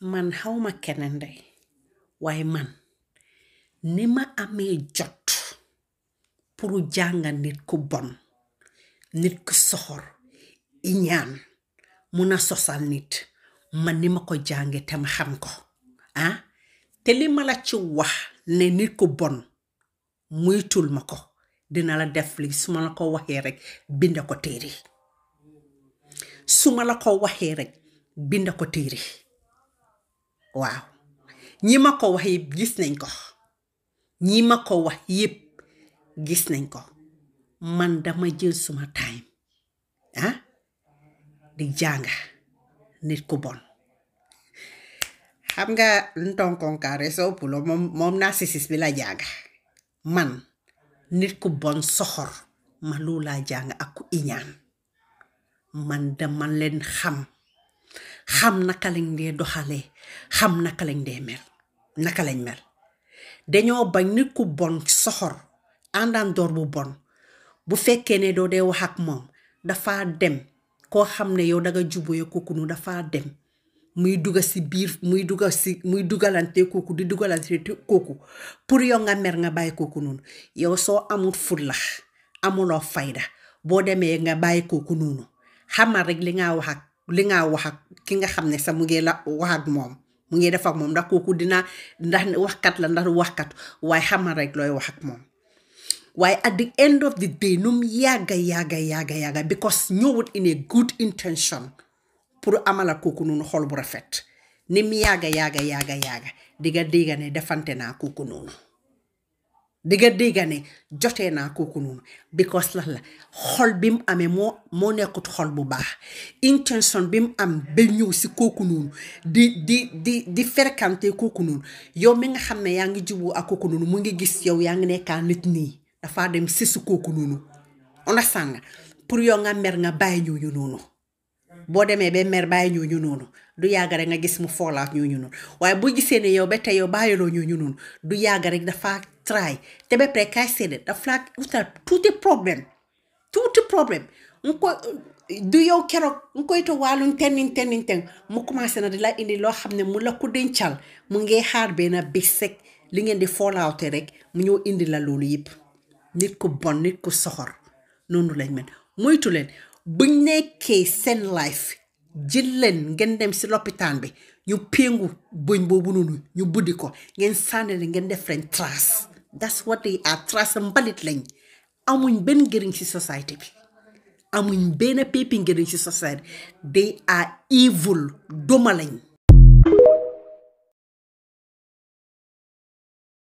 man xawma keneen de waaye man ni ma amee jot pour jànga nit ku bon nit ku soxor iñaan mun a sosal nit man ni ma ko jànge te ma xam ko ah? te li ma la ci wax ne nit ku bon muytul ma ko dina la def li su ma la ko waxee rekk binda ko téere binda ko téere waaw ñi ma ko wax yëpp gis nañ ko ñi ma ko wax yépp gis nañ ko man dama jël suma time ah, di jànga nit ku bon xam nga ntonkonkaare soo pulo moom moom narcissis bi la jànga man nit ku bon soxor ma lu laa jàng ak ku iñaan man dama leen xam xam naka lañ dee doxalee xam naka lañ dee mel naka lañ mel dañoo bañ nit ku bon soxor àndandoor bu bon bu fekkee ne doo dee wax ak moom dafa dem koo xam ne yow danga jubóoye kooku nu dafa dem muy duga si biir muy duga si di dugalante kooku pour yow nga mer nga bàyyi kooku noonu yow soo amul fulla amuloo fayda boo demee nga bàyyi kooku noonu xamal rek li nga wax ak li nga wax ak ki nga xam ne sax mu ngi la wax ak moom mu ngi def ak moom ndax kooku dina ndax waxkat la ndax waxkat waaye xamal rek looy wax ak moom waaye at the end of the day num yàgga yàgga yàgga yàgga because ñëwut in a good intention pour amala kooku noonu xol bu rafet nim yàgga yàgga yàgga yàgga di nga dégg ne defante naa kooku noonu di nga dégg ne jotee naa kooku noonu because lan la xol bi mu amee moo moo nekkut xol bu baax intention bi mu am ba ñëw si kooku noonu di di di di fréquenter kooku noonu yow mi nga xam ne yaa ngi juboo ak kooku noonu mu ngi gis yow yaa ngi nekkaa nit nii dafaa dem si su kooku noonu understand nga pour yow nga mer nga bàyyi ñooñu noonu. boo demee ba mer bàyyi ñooñu noonu du yàgg rek nga gis mu foolaat ñooñu noonu waaye boo gisee ne yow ba tey yow bàyyiloo ñooñu noonu du yàgg rek dafa try te be pare kaay seede daf laa utal tuuti problème tuuti problème nga du yow keroog nga koy to wàllum tenniñ tenniñ ten mu commencé na di la indi loo xam ne mu la ko dencal mu ngi xaar benn bés rek li ngeen di foolaawte rek mu ñëw indi la loolu yëpp nit ku bon nit ku soxor noonu lañ mel moytu leen buñ nekkee seen life jël leen ngeen dem si lopitaan bi ñu péngu bëñ boobu noonu ñu buddi ko ngeen sànni leen ngeen def leen trace that's what they are trace mbalit lañ amuñ benn njëriñ si société bi amuñ benn pépi njëriñ si société they are evil doma lañ